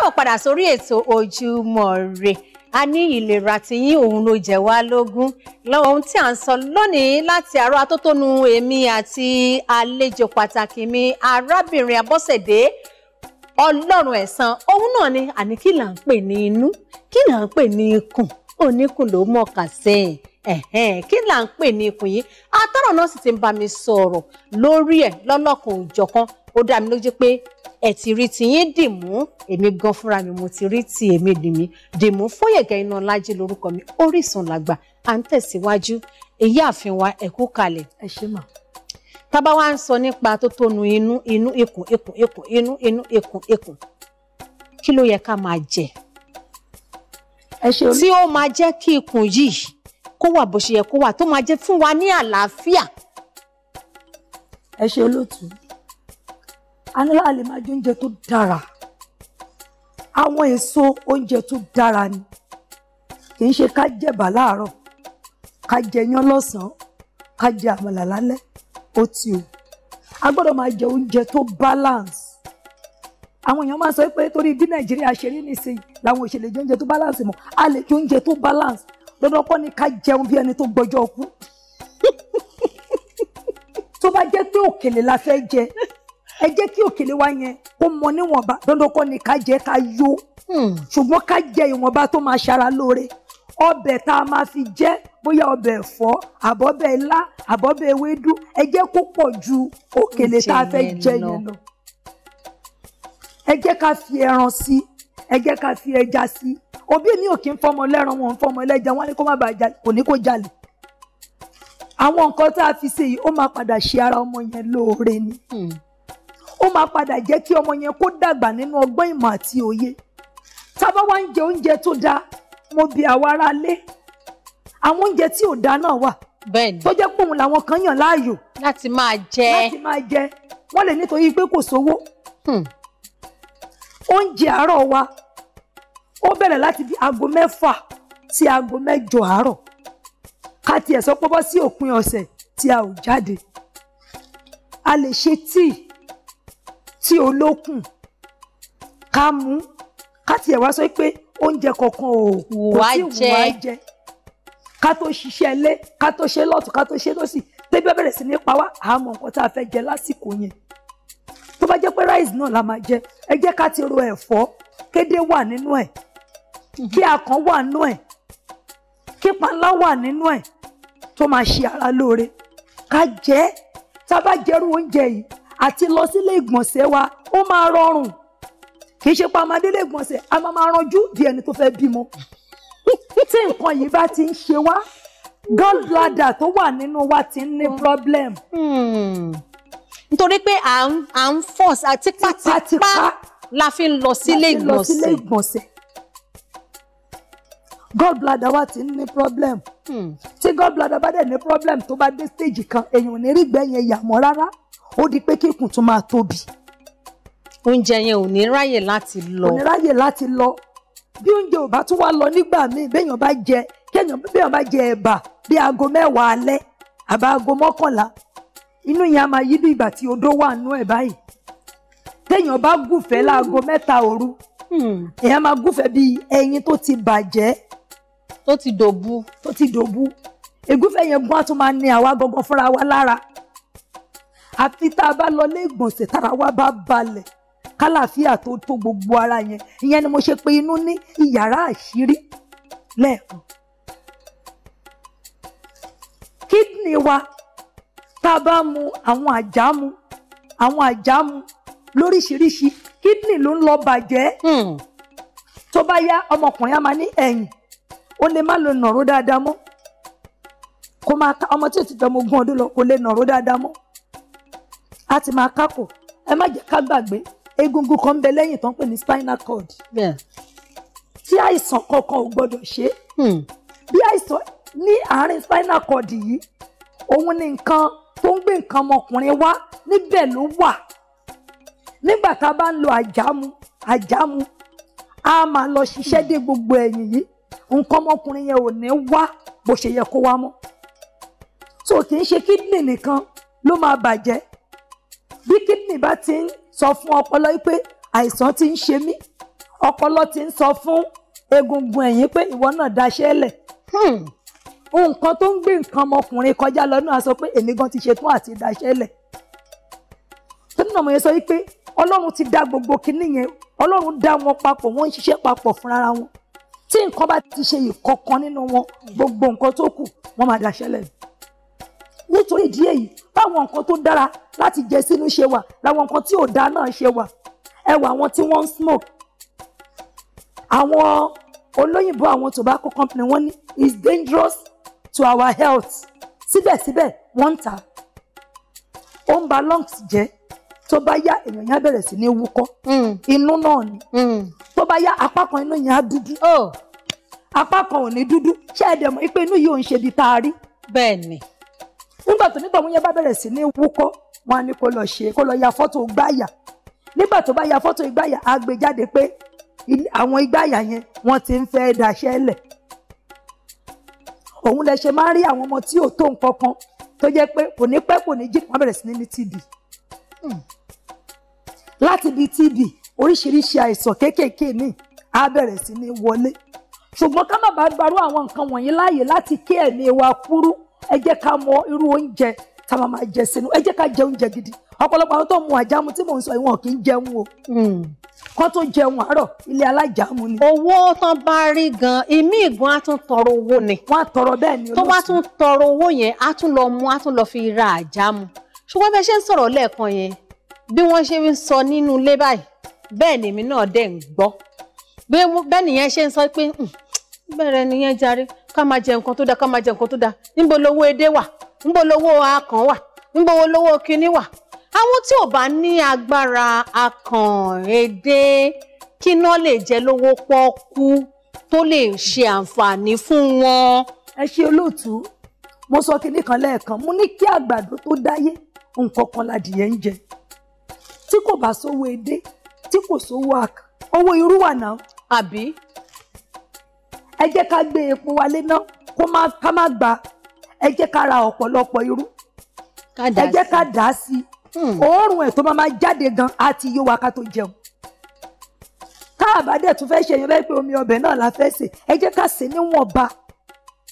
káàbọ̀ padà sórí ètò ojúmọ́ re a ní ìlera tiyín òun ló jẹ wá lógún ohun tí à ń sọ lónìí láti àárọ̀ atótónu èmi àti àlejò pàtàkì mi arábìnrin Abọ́sẹ̀dé Ọlọ́run ẹ̀san òun náà ni àní kí là ń pè ní inú kí là ń pè ní ikùn oníkùn ló mọ̀ọ́kà sẹ́yìn kí là ń pè ní ikùn yìí atọ́rọ̀ náà sì ti ń bá mi sọ̀rọ̀ lórí ẹ̀ lọ́lọ́kan òjọ̀kan ó dá mi lójú pé ẹ ti rí tiyín dìmú èmi gan fúnra mi mo ti rí ti èmi dìmí dìmú Foyeke Inaolaji lórúkọ mi Orísun làgbà à ń tẹ̀síwájú Ìyáàfin wa ẹ kú kalẹ̀. ẹ ṣe mà. tábà wá ń sọ nípa tótónu inú inú ikùn ikùn ikùn inú inú ikùn ikùn kí ló yẹ ká máa jẹ. ẹ ṣe olú. tí ó máa jẹ́ kí ikùn yìí kó wà bó ṣe yẹ kó wà tó máa jẹ́ fún wa ní àlàáfíà. ẹ ṣe olóòtú anílá lè máa jẹ oúnjẹ tó dára àwọn èso oúnjẹ tó dára ni kì í ṣe ká jẹ̀bà láàárọ̀ ká jẹ yán lọ́sàn-án ká jẹ àmàlà lálẹ́ ó ti o a gbọ́dọ̀ máa jẹ oúnjẹ tó balance àwọn èèyàn máa sọ pé torí bí nàìjíríà ṣe rí nísìnyí làwọn òṣèlè jẹ oúnjẹ tó balance mọ́ a lè jẹ oúnjẹ tó balance dandan kọ́ ni ká jẹun bí ẹni tó gbọ́jọ́ kú tó bá jẹ́ pé òkèlè la fẹ́ jẹ ẹ jẹ́ kí òkèlè wa yẹn kó mọ níwọ̀nba dandan kọ́ ni ká jẹ ká yó hmm. ṣùgbọ́n ká jẹ ìwọ̀nba tó máa ṣara lóore ọbẹ̀ tá a máa fi jẹ bóyá ọbẹ̀ ẹ̀fọ́ àbọ̀bẹ̀ ilá àbọ̀bẹ̀ ewédú ẹ jẹ́ kó pọ̀ ju òkèlè tá a fẹ́ jẹ yẹn lọ ẹ jẹ́ ká fi ẹran sí ẹ jẹ́ ká fi ẹja sí òbí mi ò kí ń fọmọ lẹ́ran wọn ń fọmọ ẹlẹ́ja wọn ní kó má bàa jalè kò ní kó jalè àwọn nǹkan tá a fi ṣe yìí ó máa padà ṣe ara ọmọ yẹn lóore ni. Hmm ó máa padà jẹ́ kí ọmọ yẹn kó dàgbà nínú ọgbọ́n ìmọ̀ àti òye tá a bá wá ń jẹ oúnjẹ tó dáa mo bi àwa ará lé àwọn oúnjẹ tí ò dáa náà wà bẹ́ẹ̀ni tó jẹ́ pé òun làwọn kan yàn láàyò láti máa jẹ láti máa jẹ wọ́n lè nítorí pé kò sówó hmm. oúnjẹ àárọ̀ wa ó bẹ̀rẹ̀ láti bí aago mẹ́fà sí aago mẹ́jọ àárọ̀ ká tiẹ̀ sọ pé bọ́ sí òpin ọ̀sẹ̀ tí a ò jáde a lè ṣe tíì tí olókùn ká mú ká tiẹ̀ wá sọ pé oúnjẹ kankan ò kò sí ìwà jẹ ká tó ṣiṣẹ́ ilé ká tó ṣe lọ́tún ká tó ṣe lọ́sì tẹ́bí bá bẹ̀rẹ̀ sí ní pa wá àmọ́ nǹkan tá a fẹ́ jẹ lásìkò yẹn tó bá jẹ́ pé rice náà la máa jẹ ẹ jẹ́ ká ti ro ẹ̀fọ́ kéde wà nínú ẹ̀ kí akàn wà nínú ẹ̀ kí panlá wà nínú ẹ̀ tó máa ṣe ara lóore ká jẹ tá a bá jẹrú oúnjẹ yìí àti lọ sílé ìgbọ̀nsẹ̀ wa ó máa rọrùn kì í ṣe pa ọmọdé lè gbọ̀nsẹ̀ a máa máa ranjú di ẹni tó fẹ́ bímọ tí nǹkan yìí bá ti ń ṣe wá gallbladder tó wà nínú wa ti ń ní problem. Hmm. nítorí pé à ń à ń force àti tipátipá la fi ń lọ sílé ìgbọ̀nsẹ̀. gallbladder wa ti ń ní problem. Hmm. tí gallbladder bá dẹ̀ ní problem tó bá dé stage kan èèyàn ò ní rí gbẹ̀yìn ẹ̀yà mọ́ rárá ó di pé kíkùn tún máa tóbi. oúnjẹ yẹn ò ní ráyè láti lọ. ò ní ráyè láti lọ bí oúnjẹ ò bá tún wá lọ nígbà míì béèyàn bá jẹ kéèyàn béèyàn bá jẹ ẹ̀bà bí aago mẹ́wàá alẹ́ àbá aago mọ́kànlá inú yẹn a máa yí bí ìgbà tí odó wà nú ẹ̀ báyìí téèyàn bá gùfẹ́ láago mẹ́ta òru èèyàn hmm. máa gùfẹ́ bí ẹyin tó ti bàjẹ́. tó ti dòbu. tó ti dòbu ègúfẹ́ yẹn gbọ́n á tún máa ní àwa gangan fúnra wa lára àfi tá a bá lọ lé ìgbọ̀nsẹ̀ tára wa bá balẹ̀ kálàáfíà tó tó gbogbo ara yẹn ìyẹn ni mo ṣe pé inú ní ìyàrá àṣírí lẹ́ẹ̀kan kídìnì wa tá a bá mu àwọn àjámu àwọn àjámu lóríṣiríṣi kídìnì ló ń lọ bàjẹ́ hmm. tó bá yá ọmọkùnrin á máa ní ẹ̀yìn ó lè má lè nàró dáadáa mọ́ kó máa ka ọmọ tí ò ti dán mo gún ọdún lọ kó lè nàró dáadáa mọ́ á ti máa kákò ẹ má jẹ́ ká gbàgbé egungun kan ń bẹ lẹ́yìn tó ń pè ní spinal cord tí àìsàn kankan ò gbọdọ̀ ṣe hmm. bí àìsàn ní àárín spinal cord yìí òun ni nǹkan tó ń gbé nǹkan ọmọkùnrin wá níbẹ̀ ló wà nígbà tá a bá ń lo àjámu àjámu a máa lọ ṣiṣẹ́ dé gbogbo ẹ̀yìn yìí nǹkan ọmọkùnrin yẹn ò ní wá bó ṣe yẹ kó wá mọ́ so kì í ṣe kídìnì nìkan ló máa bàjẹ́ bí kídìní bá ti ń sọ fún ọpọlọ yìí pé àìsàn ti ń ṣe mí ọpọlọ ti ń sọ fún egungun ẹ̀yìn pé ìwọ náà daṣẹ́ lẹ̀ hmm. nǹkan tó ń gbé nǹkan ọmọkùnrin kọjá lọ náà sọ pé èmi gan ti ṣetán àti daṣẹ́ lẹ̀ tó nínú ọmọ yẹn sọ wípé ọlọ́run ti dá gbogbo kinní yẹn ọlọ́run dá wọn papọ̀ wọ́n ń ṣiṣẹ́ papọ̀ fúnra wọn tí nǹkan bá ti ṣe ìkọ̀kan nínú wọn gbogbo nǹkan tó kù wọ́n máa daṣẹ́ lẹ̀ nítorí ìdí èyí táwọn nǹkan tó dára láti jẹ sínú ṣe wà làwọn nǹkan tí ò dá náà ṣe wà ẹ wà àwọn tí wọ́n ń smoke àwọn olóyìnbó àwọn tobacco company wọ́n ní is dangerous to our health síbẹ̀síbẹ̀ wọ́n ń tà ó ń ba lungs jẹ́ tó bá yá èèyàn yẹn á bẹ̀rẹ̀ sí ní wúkọ́ hmm. inú náà ni hmm. tó bá yá apá kan inú yẹn á dúdú oh. apá kan ò ní dúdú ṣé ẹ dẹ̀ mọ̀ pé inú yìí ò ń ṣe bí tá a rí. bẹ́ẹ̀ ni nígbà tó nígbà wọn yẹn bá bẹ̀rẹ̀ sí ní wúkọ́ wọn á ní kó lọ ṣe kó lọ ya fọ́tò gbáyà nígbà tó bá ya fọ́tò ìgbáyà á gbé jáde pé àwọn ìgbáyà yẹn wọ́n ti ń fẹ́ daṣẹ́ lẹ̀ òun lẹ ṣe máa ń rí àwọn ọmọ tí ò tó nǹkan kan tó jẹ́ pé kò ní pẹ́ kò ní jí wọ́n bẹ̀rẹ̀ sí ní TB hmm. láti bí TB oríṣiríṣi àìsàn kéékèèké ní á bẹ̀rẹ̀ sí ní wọlé ṣùgbọ́n ká má bàa gbarú àwọn nǹkan wọ̀nyí láàyè láti kí ẹ̀mí wa kúrú ẹ jẹ́ ká mọ irú oúnjẹ tá a máa jẹ sínú ẹ jẹ́ ká jẹ oúnjẹ gidi ọ̀pọ̀lọpọ̀ àwọn tó mu àjámu tí mò ń sọ ìwọ̀n kì í jẹun o hmm. kó tó jẹun àárọ̀ ilé alájàmú ni. owó tán bá rí gan ìmí ìgbọn á tún tọrọ owó ni. wọn á tọrọ bẹ́ẹ̀ ni olóṣù. tó bá tún tọrọ owó yẹn á tún lọ mú á tún lọ fi ra àjámu ṣùgbọ́n bẹ́ẹ̀ ṣe ń sọ̀rọ̀ lẹ́ẹ̀kan yẹn bí wọ́n ṣe ń sọ nínú ilé báyìí bẹ́ẹ̀ lèmi náà dẹ̀ ń gbọ́ bẹ́ẹ̀ nìyẹn ṣe ń sọ pé hmm, bẹ̀rẹ̀ nìyẹn jàre ká máa jẹ nǹkan tó dáa ká máa jẹ nǹkan tó dáa níbo lowó edé wà níbo lowó akàn wà níbo lowó kinní wà àwọn tí ò bá ní agbára akàn edé kíná lè jẹ lówó pọ́ọ́kú tó lè ṣe àǹfààní fún wọn. ẹ ṣe olóòtú mo sọ kinní kan lẹ́ẹ̀kan mo ní kí àgbàdo tó dáyé nǹkan kan ládìyẹ ń jẹ tí kò bá sówó edé tí kò sówó akàn owó irú wà náà. àbí ẹ jẹ́ ká gbé epo wálé ná kó má ká má gba ẹ jẹ́ ká ra ọ̀pọ̀lọpọ̀ irú ẹ jẹ́ ká dà á sí hmm. òórùn ẹ̀ tó máa jáde gan á ti yó wa ká tó jẹun káàbá dẹ̀ tún fẹ́ ṣe yẹn bẹ́ẹ̀ pé omi ọbẹ̀ náà la fẹ́ sè ẹ jẹ́ ká sè níwọ̀nba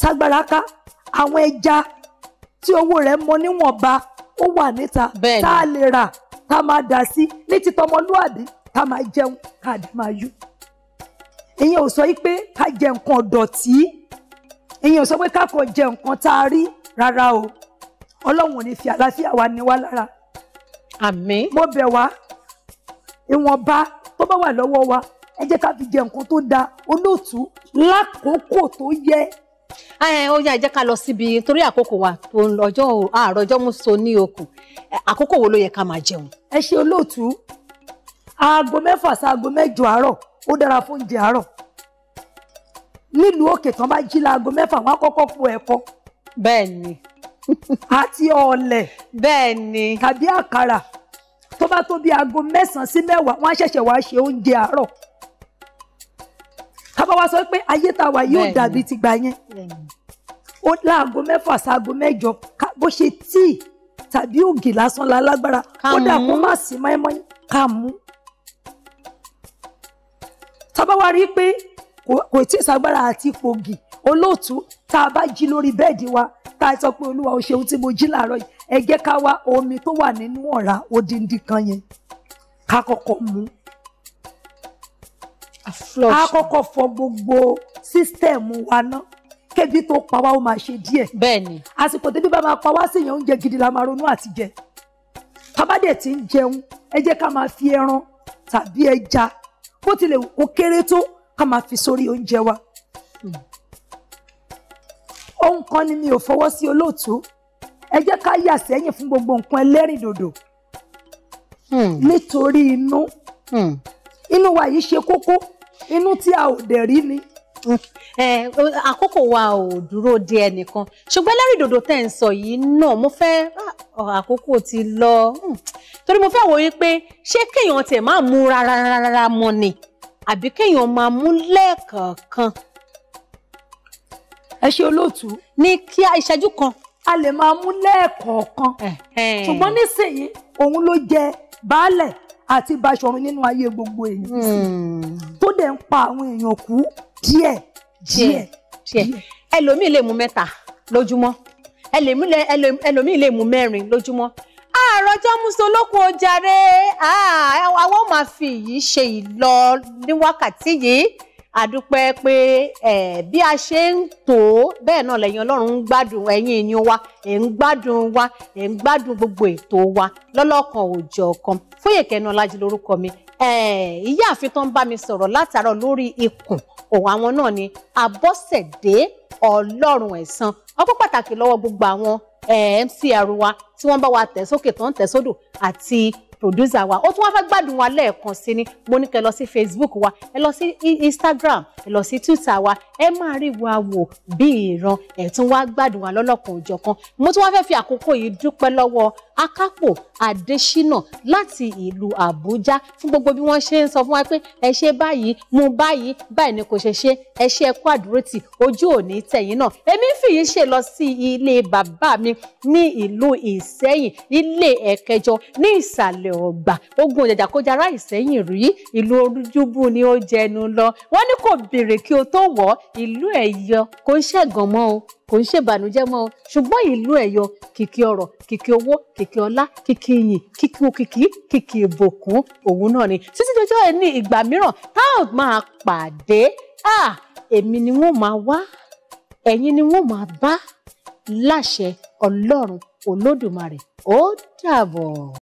tágbára ká àwọn ẹja tí owó rẹ̀ mọ níwọ̀nba ó wà níta tá a lè rà tá máa dà sí ní títọ́mọlúàbí tá máa jẹun ká a máa yó ìyẹn ò sọ pé ká jẹ nǹkan dọ̀tí ìyẹn ò sọ pé ká kàn jẹ nǹkan tá a rí rárá o ọlọ́run ò ní fi àlàáfíà wa ní wá lára. àmín. mo bẹ̀ wá ìwọ̀nba tó bá wà lọ́wọ́ wa ẹ jẹ́ ká fi jẹ nǹkan tó dáa olóòtú lákòókò tó yẹ. ó yá ẹ jẹ́ ká lọ síbi torí àkókò wa ọjọ́ àárọ̀ ọjọ́ mùsùn ní okùn àkókò wo ló yẹ ká máa jẹun. ẹ ṣe olóòtú aago mẹ́fà sí aago mẹ́jọ àárọ̀ ó dára fún oúnjẹ àárọ̀ nílùú òkè tán bá jí láago mẹ́fà wọn á kọ́kọ́ fún ẹ̀kọ. bẹ́ẹ̀ ni. àti ọ̀lẹ̀. bẹ́ẹ̀ ni. tàbí àkàrà tó bá tó bí aago mẹ́sàn-án sí mẹ́wàá wọ́n á ṣẹ̀ṣẹ̀ wá ṣe oúnjẹ àárọ̀ kábọ̀ wá sọ pé ayé tá wà yóò dàbí ti gbà yẹn ó láago mẹ́fà sáago mẹ́jọ bó ṣe tíì tàbí ògì lásán la lágbára kódà kó má sí mọ́ẹ́mọ́ẹ́ ká mú bá wá rí pé kò tí ì sagbára àti pògì olóòtú tá a bá jí lórí bẹ́ẹ̀dì wa tá a sọ pé olúwa o ṣeun tí mo jí làárọ̀ yìí ẹ jẹ́ ká wá omi tó wà nínú ọ̀rá odindi kan yẹn ká kọ́kọ́ mu ká kọ́kọ́ fọ gbogbo sísítẹ̀mù wa náà kébi tó pa wá ó máa ṣe díẹ̀ bẹ́ẹ̀ni àsìkò tẹ́bí bá máa pa wá sí yẹn oúnjẹ gidi la máa ronú àti jẹ tá bá dẹ̀ ti ń jẹun ẹ jẹ́ ká máa fi ẹran tàbí ẹja bó tilẹ̀ ó kéré tó ká máa fi sórí oúnjẹ wa. Hmm. ohun kan ni mi ò fọwọ́ sí olóòtú ẹ jẹ́ ká yà sẹ́yìn fún gbogbo nǹkan ẹlẹ́rìndòdò hmm. nítorí inú hmm. inú wa yìí ṣe kókó inú tí a ò dẹ̀ rí ni. Eh, àkókò wa ò dúró de ẹnìkan ṣùgbọ́n lẹ́rìí dòdò tẹ̀ ń sọ yìí náà mo fẹ́ ah, àkókò ti lọ hmm. torí mo fẹ́ wòye pé ṣé kéèyàn tiẹ̀ máa mú rárá rárá mọ́ ni àbí kéèyàn máa mú lẹ́ẹ̀kọ̀ọ̀kan. ẹ ṣe olóòtú. ní kí ìṣẹ́jú kan. a lè máa mú lẹ́ẹ̀kọ̀ọ̀kan ṣùgbọ́n nísìnyí òun ló jẹ baálẹ̀ àti baṣọ̀run nínú ayé gbogbo èèyàn hmm. tó dẹ̀ ń pa àwọn èèyàn kú díẹ̀ díẹ̀ díẹ̀ ẹlòmíì lè mu mẹ́ta lójúmọ́ ẹlòmíì lè mu mẹ́rin lójúmọ́ àròjọ musolókun ojàre àwọn ò máa fi yìí ṣe ìlọ ní wákàtí yìí àdúpẹ́ pé bí a ṣe ń tò ó bẹ́ẹ̀ náà lẹ́yìn ọlọ́run ń gbádùn ẹ̀yin ìyún wa ẹ̀ ń gbádùn wa ẹ̀ ń gbádùn gbogbo ètò wa lọ́lọ́kan òòjọ́ kan Foyeke Inaolaji lórúkọ mi ìyáàfin tó ń bá mi sọ̀rọ̀ látàárọ̀ lórí ikùn òun àwọn náà ni Abọ́sẹ̀dé Ọlọ́run ẹ̀san ọpọ́ pàtàkì lọ́wọ́ gbogbo àwọn MCR wa tí wọ́n bá wa tẹ̀ sókè tó ń tẹ̀ sódò àti producer wa ó tún wá fẹ́ gbádùn wa lẹ́ẹ̀kan sí ni mo ní kẹ́ lọ sí facebook wa ẹ lọ sí instagram ẹ lọ sí twitter wa ẹ máa rí wa wò bí ìran ẹ tún wá gbádùn wa lọ́lọ́kan òjọ̀kan mo tún wá fẹ́ fi àkókò yìí dúpẹ́ lọ́wọ́ akápò adésínà láti ìlú àbújá fún gbogbo bí wọ́n ṣe ń sọ fún wa pé ẹ ṣe báyìí mú báyìí báyìí ni kò ṣe ṣe ẹ ṣe ẹkú àdúrótì ojú òní tẹ̀yìn náà èmi fìyí ṣe lọ sí ilé bàbá mi ní ìlú ìsẹ́yìn ilé ẹ̀kẹjọ ní ìsàlẹ̀ ọgbà ogun òjàjà kó jara ìsẹ́yìn rí ìlú orújúbù ni ó jẹnu lọ wọ́n ní kò béèrè kí o tó wọ̀ ìlú ẹ̀yọ kò ń ṣẹ̀gàn mọ́ o kò ń ṣèbànújẹ́ mọ́ o ṣùgbọ́n ìlú ẹ̀yọ kìkì ọ̀rọ̀ kìkì owó kìkì ọlá kìkì iyìn kìkì òkìkí kìkì ìbòkún òun náà ni títí dọjọ́ ẹ̀ ní ìgbà mìíràn tá ò máa pàdé èmi ni wọ́n máa wá ẹ̀yin ni wọ́n máa bá láṣẹ Ọlọ́run Olódùmarè ó dàbọ̀.